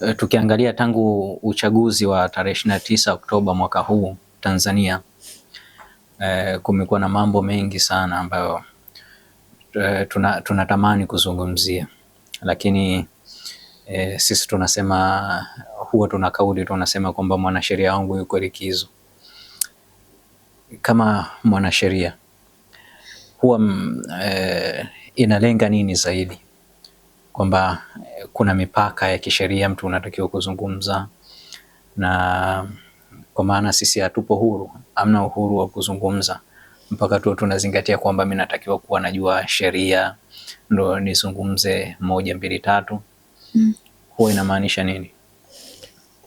Eh, tukiangalia tangu uchaguzi wa tarehe ishirini na tisa Oktoba mwaka huu Tanzania, e, kumekuwa na mambo mengi sana ambayo e, tuna, tunatamani kuzungumzia lakini e, sisi tunasema huwa tuna kauli tunasema kwamba mwanasheria wangu yuko likizo. Kama mwanasheria huwa e, inalenga nini zaidi kwamba eh, kuna mipaka ya kisheria mtu unatakiwa kuzungumza, na kwa maana sisi hatupo huru, amna uhuru wa kuzungumza mpaka tu tunazingatia kwamba mimi natakiwa kuwa najua sheria ndo nizungumze moja mbili tatu. Mm. Huwa inamaanisha nini?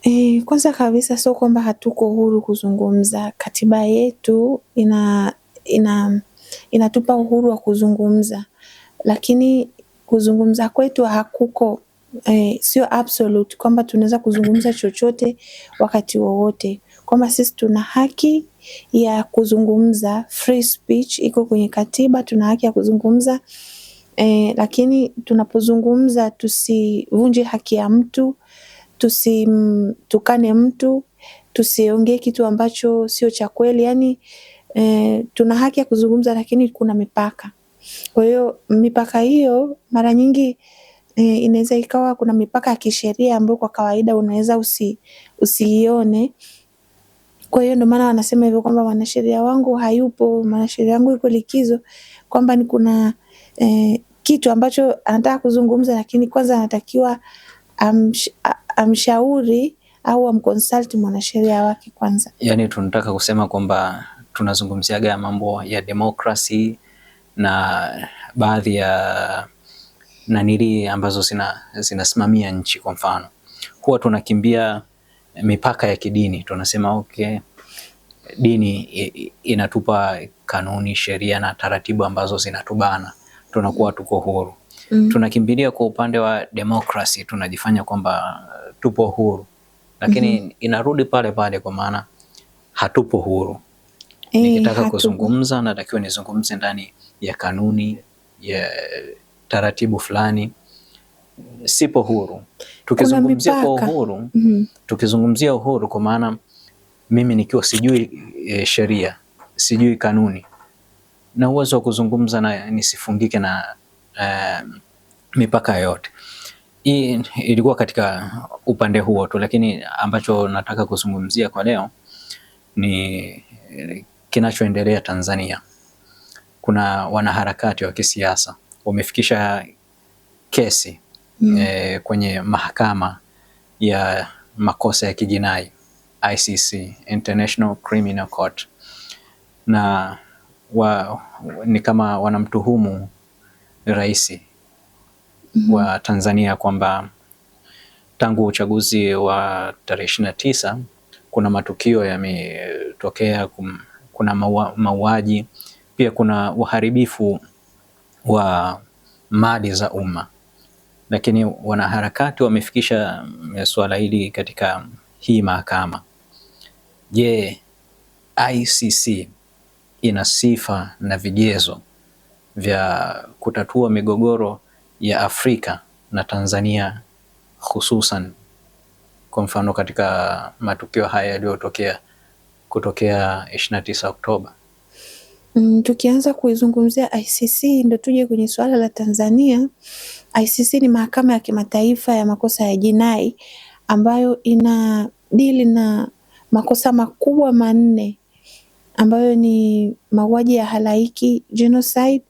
E, kwanza kabisa sio kwamba hatuko huru kuzungumza. Katiba yetu ina, ina inatupa uhuru wa kuzungumza, lakini kuzungumza kwetu hakuko eh, sio absolute kwamba tunaweza kuzungumza chochote wakati wowote, kwamba sisi tuna haki ya kuzungumza. Free speech iko kwenye katiba, tuna haki ya kuzungumza eh, lakini tunapozungumza tusivunje haki ya mtu, tusimtukane mtu, tusiongee kitu ambacho sio cha kweli. Yani eh, tuna haki ya kuzungumza, lakini kuna mipaka. Kwa hiyo mipaka hiyo mara nyingi e, inaweza ikawa kuna mipaka ya kisheria ambayo kwa kawaida unaweza usi, usiione. Kwa hiyo ndio maana wanasema hivyo kwamba mwanasheria wangu hayupo, mwanasheria wangu yuko likizo, kwamba ni kuna e, kitu ambacho anataka kuzungumza, lakini kwanza anatakiwa amshauri au amconsult mwanasheria wake kwanza. Yaani tunataka kusema kwamba tunazungumziaga mambo ya demokrasi na baadhi ya nanili ambazo zinasimamia nchi. Kwa mfano, huwa tunakimbia mipaka ya kidini, tunasema okay, dini inatupa kanuni, sheria na taratibu ambazo zinatubana, tunakuwa tuko huru mm -hmm. Tunakimbilia kwa upande wa demokrasi, tunajifanya kwamba uh, tupo huru, lakini mm -hmm. inarudi pale pale, kwa maana hatupo huru. Eh, Nikitaka kuzungumza natakiwa nizungumze ndani ya kanuni ya taratibu fulani, sipo huru. Tukizungumzia kwa uhuru mm -hmm. tukizungumzia uhuru kwa maana mimi nikiwa sijui e, sheria sijui kanuni na uwezo wa kuzungumza na nisifungike na e, mipaka yoyote. Hii ilikuwa katika upande huo tu, lakini ambacho nataka kuzungumzia kwa leo ni e, kinachoendelea Tanzania kuna wanaharakati wa kisiasa wamefikisha kesi mm. e, kwenye mahakama ya makosa ya kijinai ICC, International Criminal Court, na wa, ni kama wanamtuhumu rais mm -hmm. wa Tanzania kwamba tangu uchaguzi wa tarehe ishirini na tisa kuna matukio yametokea, kuna mauaji pia kuna uharibifu wa mali za umma, lakini wanaharakati wamefikisha eh, suala hili katika hii mahakama. Je, ICC ina sifa na vigezo vya kutatua migogoro ya Afrika na Tanzania hususan, kwa mfano katika matukio haya yaliyotokea kutokea 29 Oktoba? Mm, tukianza kuizungumzia ICC ndo tuje kwenye suala la Tanzania. ICC ni mahakama ya kimataifa ya makosa ya jinai ambayo ina dili na makosa makubwa manne ambayo ni mauaji ya halaiki genocide,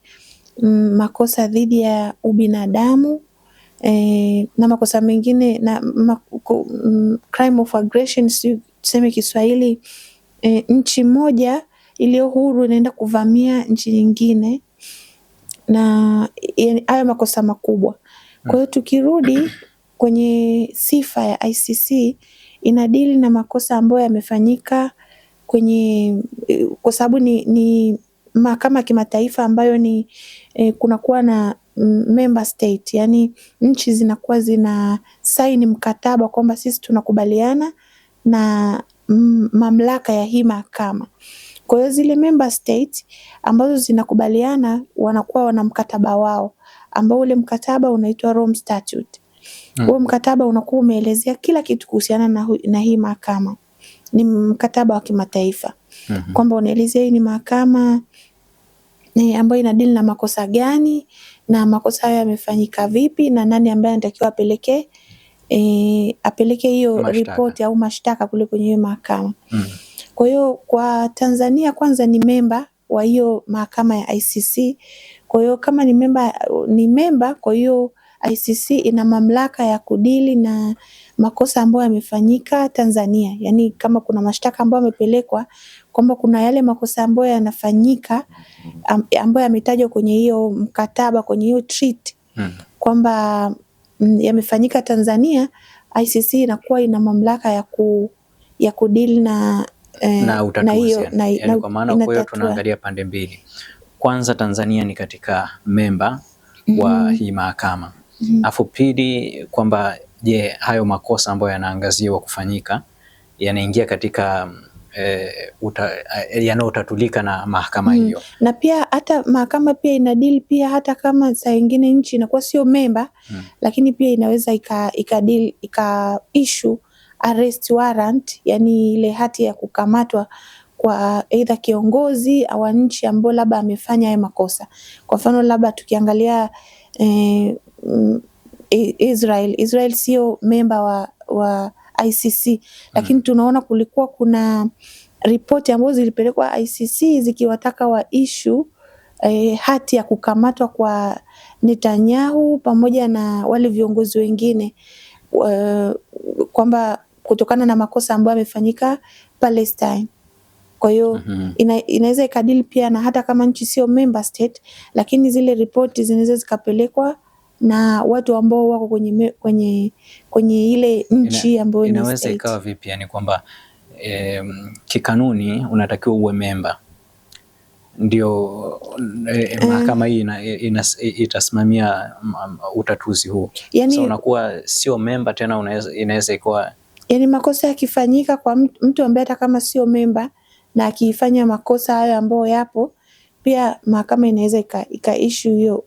mm, makosa dhidi ya ubinadamu eh, na makosa mengine na maku, mm, crime of aggression, si tuseme Kiswahili eh, nchi moja iliyo huru inaenda kuvamia nchi nyingine, na hayo makosa makubwa. Kwa hiyo tukirudi kwenye sifa ya ICC inadili na makosa ambayo yamefanyika kwenye, eh, kwa sababu ni, ni mahakama ya kimataifa ambayo ni eh, kunakuwa na member state, yani nchi zinakuwa zina saini mkataba kwamba sisi tunakubaliana na mamlaka ya hii mahakama. Kwa hiyo zile member state ambazo zinakubaliana wanakuwa wana mkataba wao ambao ule mkataba unaitwa Rome Statute. Mm. Huo hmm, mkataba unakuwa umeelezea kila kitu kuhusiana na, na hii mahakama. Ni mkataba wa kimataifa -hmm. kwamba unaelezea hii ni mahakama ambayo inadili na makosa gani na makosa hayo yamefanyika vipi na nani ambaye anatakiwa apeleke e, apeleke hiyo ripoti au mashtaka kule kwenye hiyo mahakama mm. Kwa hiyo kwa Tanzania kwanza ni memba wa hiyo mahakama ya ICC. Kwa hiyo kama ni memba, ni memba, kwa hiyo ICC ina mamlaka ya kudili na makosa ambayo yamefanyika Tanzania, yaani kama kuna mashtaka ambayo yamepelekwa kwamba kuna yale makosa ambayo yanafanyika ambayo yametajwa kwenye hiyo mkataba, kwenye hiyo treat hmm. kwamba mm, yamefanyika Tanzania, ICC inakuwa ina mamlaka ya ku, ya kudili na Eh, na utatuzi na, yani, kwa maana kwa hiyo tunaangalia pande mbili. Kwanza Tanzania ni katika memba mm -hmm. wa mm-hmm. hii mahakama mm -hmm. afu pili kwamba je, hayo makosa ambayo yanaangaziwa kufanyika yanaingia katika E, uta, eh, yanayotatulika na mahakama mm-hmm. hiyo mm. Na pia hata mahakama pia ina dil pia hata kama saa ingine nchi inakuwa sio memba mm. Lakini pia inaweza ikadili ika, ika issue arrest warrant, yani ile hati ya kukamatwa kwa aidha kiongozi au nchi ambayo labda amefanya haya makosa. Kwa mfano labda tukiangalia eh, mm, Israel, Israel sio memba wa, wa ICC hmm. Lakini tunaona kulikuwa kuna ripoti ambazo zilipelekwa ICC zikiwataka wa issue eh, hati ya kukamatwa kwa Netanyahu pamoja na wale viongozi wengine uh, kwamba kutokana na makosa ambayo yamefanyika Palestine. Kwa hiyo mm -hmm. inaweza ikadili pia na hata kama nchi sio member state, lakini zile ripoti zinaweza zikapelekwa na watu ambao wako kwenye, kwenye, kwenye ile nchi ambayo inaweza ikawa vipi, yani kwamba e, kikanuni unatakiwa uwe member ndio eh, eh. mahakama hii itasimamia um, utatuzi huu yani, so unakuwa sio memba tena, inaweza ikawa yani makosa yakifanyika kwa mtu ambaye hata kama sio memba na akiifanya makosa hayo ambayo yapo pia mahakama inaweza ikaishu hiyo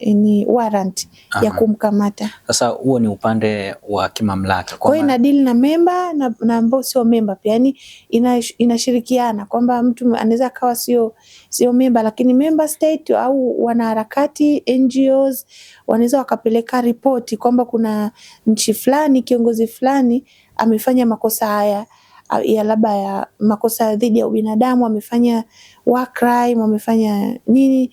ni warrant ya kumkamata. Sasa huo ni upande wa kimamlaka, kwa hiyo deal na memba na, na ambao sio memba pia, yani inashirikiana kwamba mtu anaweza akawa sio sio memba, lakini member state au wanaharakati NGOs wanaweza wakapeleka ripoti kwamba kuna nchi fulani, kiongozi fulani amefanya makosa haya ya labda ya makosa dhidi ya ubinadamu amefanya war crime, wamefanya nini,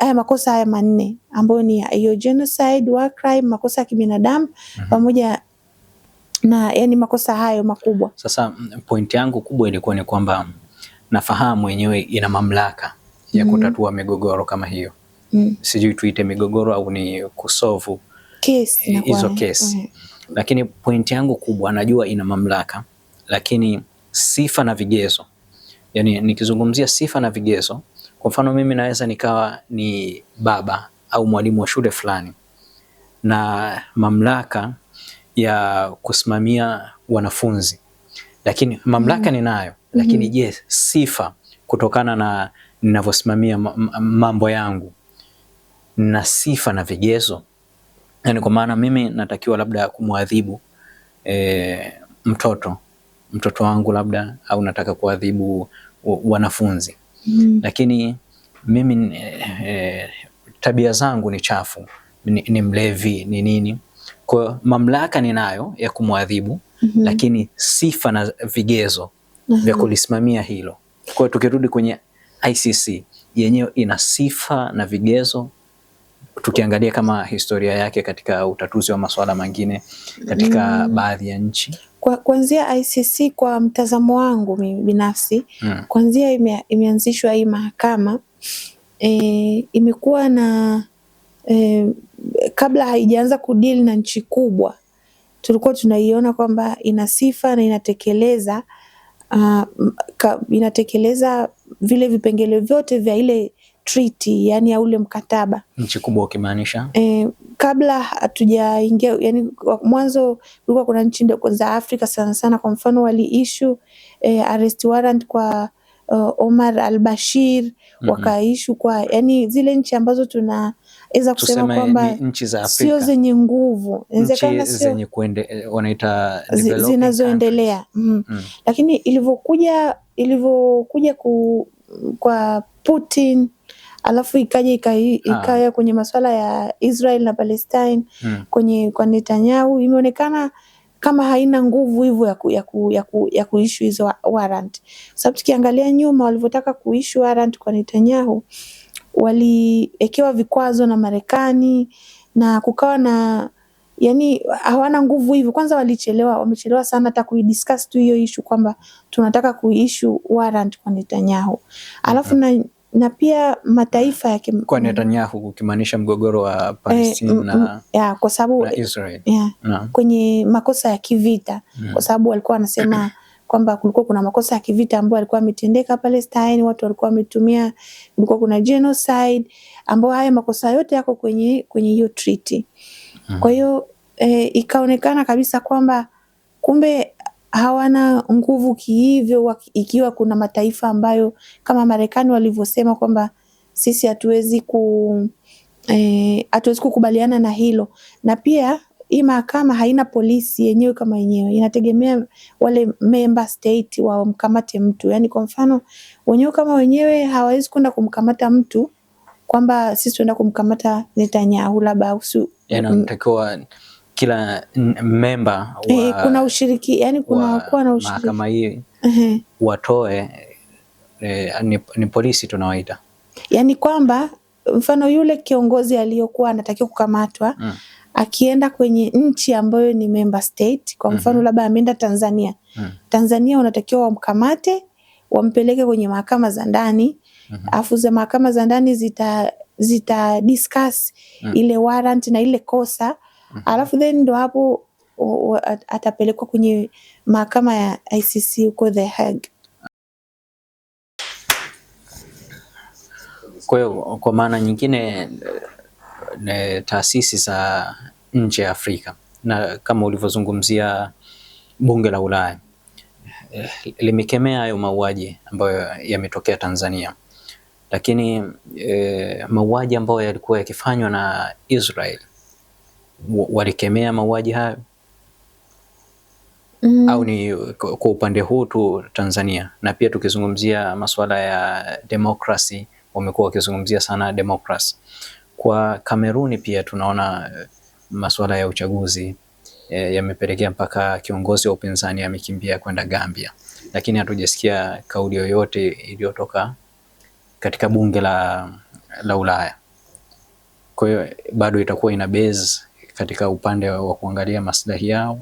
haya makosa haya manne ambayo ni hiyo genocide, war crime, makosa ya kibinadamu mm -hmm. pamoja na yani makosa hayo makubwa. Sasa mm, pointi yangu kubwa ilikuwa ni kwamba mm, nafahamu wenyewe ina mamlaka ya mhm. kutatua migogoro kama hiyo mm. Sijui tuite migogoro au ni kusovu eh, hizo kesi mm. Lakini pointi yangu kubwa, najua ina mamlaka, lakini sifa na vigezo yani, nikizungumzia sifa na vigezo, kwa mfano mimi naweza nikawa ni baba au mwalimu wa shule fulani na mamlaka ya kusimamia wanafunzi, lakini mamlaka mm. ninayo lakini mm-hmm. je, mm -hmm. yes, sifa kutokana na ninavyosimamia mambo yangu na sifa na vigezo, yani kwa maana mimi natakiwa labda kumwadhibu e, mtoto mtoto wangu labda au nataka kuadhibu wanafunzi mm. Lakini mimi e, tabia zangu ni chafu ni, ni mlevi ni nini, kwa mamlaka ninayo ya kumwadhibu mm -hmm. Lakini sifa na vigezo vya kulisimamia hilo. Kwa hiyo tukirudi kwenye ICC yenyewe ina sifa na vigezo tukiangalia kama historia yake katika utatuzi wa masuala mengine katika mm. baadhi ya nchi kwa kuanzia ICC kwa mtazamo wangu mimi binafsi mm. Kuanzia ime, imeanzishwa hii mahakama e, imekuwa na e, kabla haijaanza kudili na nchi kubwa tulikuwa tunaiona kwamba ina sifa na inatekeleza uh, ka, inatekeleza vile vipengele vyote vya ile treaty yani ya ule mkataba nchi kubwa ukimaanisha e, kabla hatujaingia yani, mwanzo kulikuwa kuna nchi ndogo za Afrika sana sana, kwa mfano waliishu e, arrest warrant kwa uh, Omar al-Bashir mm -hmm. Wakaishu kwa yani zile nchi ambazo tunaweza kusema kwamba sio zenye nguvu, nchi zenye kuende, eh, wanaita zinazoendelea mm. mm. Lakini ilivyokuja ilivyokuja ku, kwa Putin alafu ikaja ikaya ah. kwenye masuala ya Israel na Palestine hmm. kwenye kwa Netanyahu imeonekana kama haina nguvu hivyo ya, ku, ya, ku, ya, ku, ya kuishu hizo warrant, sababu tukiangalia nyuma walivyotaka kuishu warrant kwa Netanyahu waliwekewa vikwazo na Marekani na kukawa na yani hawana nguvu hivyo. Kwanza walichelewa, wamechelewa sana hata kuidiscuss tu hiyo ishu kwamba tunataka kuishu warrant kwa Netanyahu alafu hmm. na na pia mataifa ya kim... kwa Netanyahu ukimaanisha mgogoro wa eh, Palestina eh, mm, na, mm, kwa sababu na Israel. Ya, na. kwenye makosa ya kivita mm. kwa sababu walikuwa wanasema kwamba kulikuwa kuna makosa ya kivita ambayo alikuwa ametendeka Palestine, watu walikuwa wametumia, kulikuwa kuna genocide ambayo haya makosa yote yako kwenye kwenye hiyo treaty. Mm. Kwa hiyo eh, ikaonekana kabisa kwamba kumbe hawana nguvu kihivyo, ikiwa kuna mataifa ambayo kama Marekani walivyosema kwamba sisi hatuwezi ku eh, hatuwezi kukubaliana na hilo, na pia hii mahakama haina polisi yenyewe kama yenyewe, inategemea wale member state wamkamate mtu. Yani kwa mfano wenyewe kama wenyewe hawawezi kwenda kumkamata mtu kwamba sisi tuenda kumkamata Netanyahu labda, kila memba eh, wa, e, kuna ushiriki yani kuna kuwa na ushiriki mahakama hii watoe e, ni, ni polisi tunawaita, yani kwamba mfano yule kiongozi aliyokuwa anatakiwa kukamatwa mm. akienda kwenye nchi ambayo ni member state, kwa mm-hmm. mfano mm -hmm. labda ameenda Tanzania mm. Tanzania unatakiwa wamkamate wampeleke kwenye mahakama za ndani mm -hmm. afu za mahakama za ndani zita zita discuss mm. ile warrant na ile kosa Mhm. alafu then ndo hapo atapelekwa kwenye mahakama ya ICC huko The Hague. Kwa hiyo kwa maana nyingine ni taasisi za nje ya Afrika na kama ulivyozungumzia bunge la Ulaya eh, limekemea hayo mauaji ambayo yametokea Tanzania, lakini e, mauaji ambayo yalikuwa yakifanywa na Israel walikemea mauaji hayo mm. au ni kwa upande huu tu Tanzania? Na pia tukizungumzia masuala ya demokrasi, wamekuwa wakizungumzia sana demokrasi. Kwa Kameruni pia tunaona eh, masuala ya uchaguzi e, yamepelekea mpaka kiongozi wa upinzani amekimbia kwenda Gambia, lakini hatujasikia kauli yoyote iliyotoka katika bunge la la Ulaya. Kwa hiyo bado itakuwa ina base katika upande wa kuangalia maslahi yao?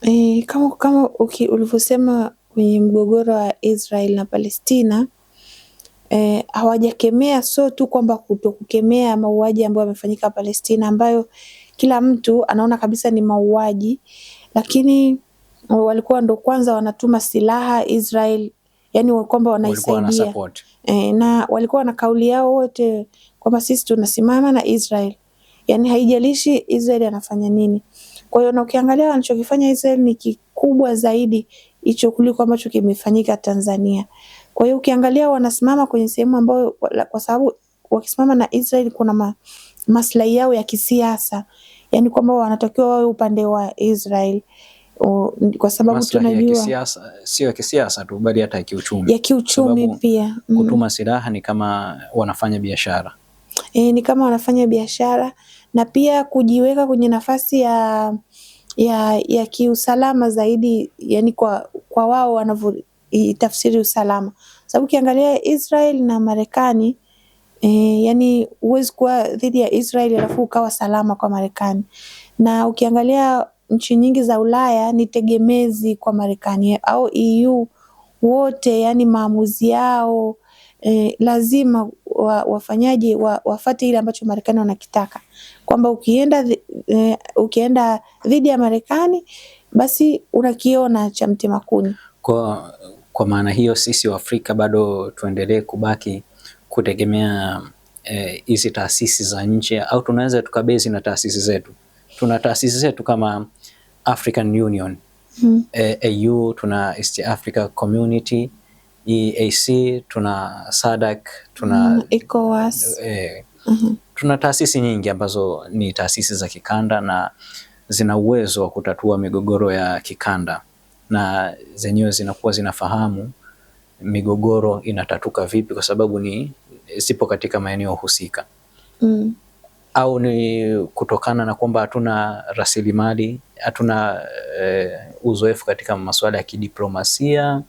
E, kama, kama ulivyosema kwenye mgogoro wa Israel na Palestina e, hawajakemea so tu kwamba kutokukemea mauaji ambayo yamefanyika Palestina ambayo kila mtu anaona kabisa ni mauaji, lakini walikuwa ndo kwanza wanatuma silaha Israel, yani kwamba wanaisaidia e, na walikuwa na kauli yao wote kwamba sisi tunasimama na Israel yani haijalishi Israeli anafanya nini. Kwa hiyo na ukiangalia wanachokifanya Israeli ni kikubwa zaidi hicho kuliko ambacho kimefanyika Tanzania. Kwa hiyo ukiangalia wanasimama kwenye sehemu ambayo kwa sababu wakisimama na Israeli kuna ma, maslahi yao ya kisiasa, yani kwamba wanatakiwa wawe upande wa Israeli. O, kwa sababu tunajua sio ya kisiasa tu bali hata ya kiuchumi, ya kiuchumi pia mm. Kutuma silaha ni kama wanafanya biashara e, ni kama wanafanya biashara na pia kujiweka kwenye nafasi ya ya ya kiusalama zaidi, yani kwa kwa wao wanavyotafsiri usalama, sababu ukiangalia Israel na Marekani E, yani huwezi kuwa dhidi ya Israeli alafu ukawa salama kwa Marekani, na ukiangalia nchi nyingi za Ulaya ni tegemezi kwa Marekani au EU wote, yani maamuzi yao e, lazima wa, wafanyaji wa, wafate ile ambacho Marekani wanakitaka kwamba ukienda eh, ukienda dhidi ya Marekani basi unakiona cha mtima kuni. Kwa, kwa maana hiyo sisi wa afrika bado tuendelee kubaki kutegemea eh, hizi eh, taasisi za nje au tunaweza tukabezi na taasisi zetu. Tuna taasisi zetu kama African Union hmm. Eh, AU tuna East Africa Community EAC tuna SADC tuna hmm, ECOWAS eh, mm -hmm. Tuna taasisi nyingi ambazo ni taasisi za kikanda na zina uwezo wa kutatua migogoro ya kikanda, na zenyewe zinakuwa zinafahamu migogoro inatatuka vipi, kwa sababu ni zipo katika maeneo husika mm. Au ni kutokana na kwamba hatuna rasilimali, hatuna e, uzoefu katika masuala ya kidiplomasia,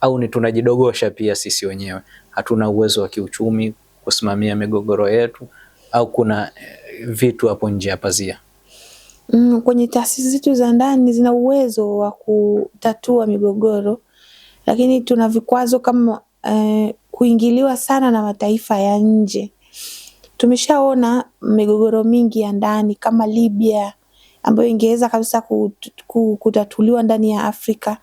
au ni tunajidogosha pia sisi wenyewe, hatuna uwezo wa kiuchumi kusimamia migogoro yetu, au kuna eh, vitu hapo nje ya pazia? Mm, kwenye taasisi zetu za ndani zina uwezo wa kutatua migogoro, lakini tuna vikwazo kama eh, kuingiliwa sana na mataifa ya nje. Tumeshaona migogoro mingi ya ndani kama Libya ambayo ingeweza kabisa kutatuliwa ndani ya Afrika,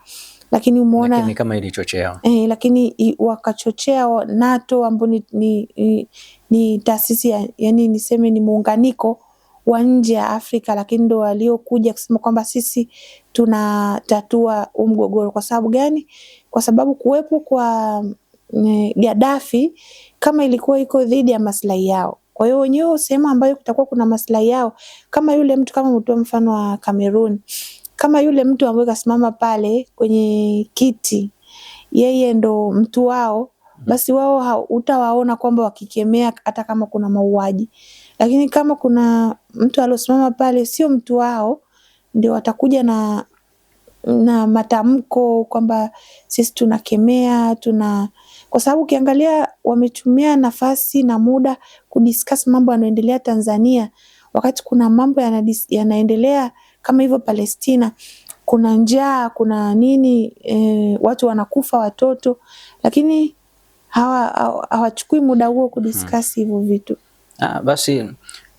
lakini umeona lakini kama ilichochea eh, lakini wakachochea NATO ambao ni, ni, ni ni taasisi ya, yani niseme ni muunganiko wa nje ya Afrika, lakini ndo waliokuja kusema kwamba sisi tunatatua huu mgogoro. Kwa sababu gani? Kwa sababu kuwepo kwa mm, Gaddafi kama ilikuwa iko dhidi ya maslahi yao. Kwa hiyo wenyewe sehemu ambayo kutakuwa kuna maslahi yao, kama yule mtu kama mtoa mfano wa Cameroon, kama yule mtu ambaye kasimama pale kwenye kiti, yeye ndo mtu wao basi wao utawaona kwamba wakikemea hata kama kuna mauaji, lakini kama kuna mtu aliosimama pale sio mtu wao, ndio watakuja na na matamko kwamba sisi tunakemea tuna kwa sababu ukiangalia wametumia nafasi na muda kudiscuss mambo yanayoendelea Tanzania, wakati kuna mambo yanaendelea kama hivyo Palestina, kuna njaa, kuna nini e, watu wanakufa watoto, lakini hawachukui muda huo kudiskasi hmm. hivyo vitu. Ah, basi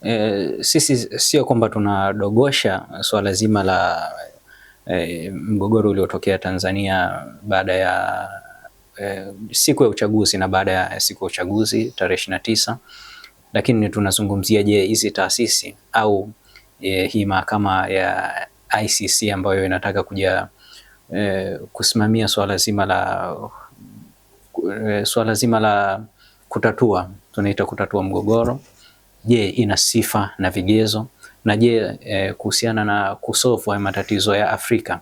e, sisi sio kwamba tunadogosha swala zima la e, mgogoro uliotokea Tanzania baada ya e, siku ya uchaguzi na baada ya siku ya uchaguzi tarehe ishirini na tisa, lakini tunazungumzia je, hizi taasisi au e, hii mahakama ya ICC ambayo inataka kuja e, kusimamia swala zima la e, swala zima la kutatua tunaita kutatua mgogoro. Je, ina sifa na vigezo? Na je, e, kuhusiana na kusolve haya matatizo ya Afrika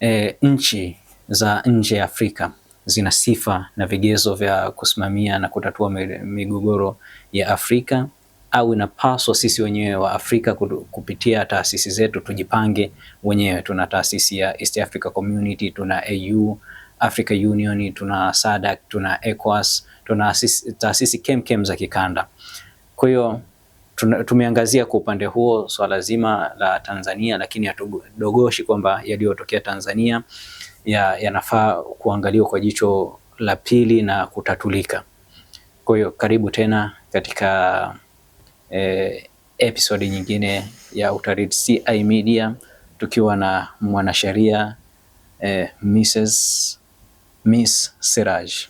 e, nchi za nje ya Afrika zina sifa na vigezo vya kusimamia na kutatua migogoro ya Afrika au inapaswa sisi wenyewe wa Afrika kupitia taasisi zetu tujipange wenyewe? Tuna taasisi ya East Africa Community, tuna AU Africa Union, tuna SADC, tuna ECOWAS, tuna taasisi kemkem za kikanda. Kwa hiyo tumeangazia kwa upande huo swala so zima la Tanzania, lakini hatudogoshi kwamba yaliyotokea Tanzania yanafaa ya kuangaliwa kwa jicho la pili na kutatulika. Kwa hiyo karibu tena katika eh, episodi nyingine ya Utaridi CI Media tukiwa na mwanasheria eh, Mrs. Miss Seraj.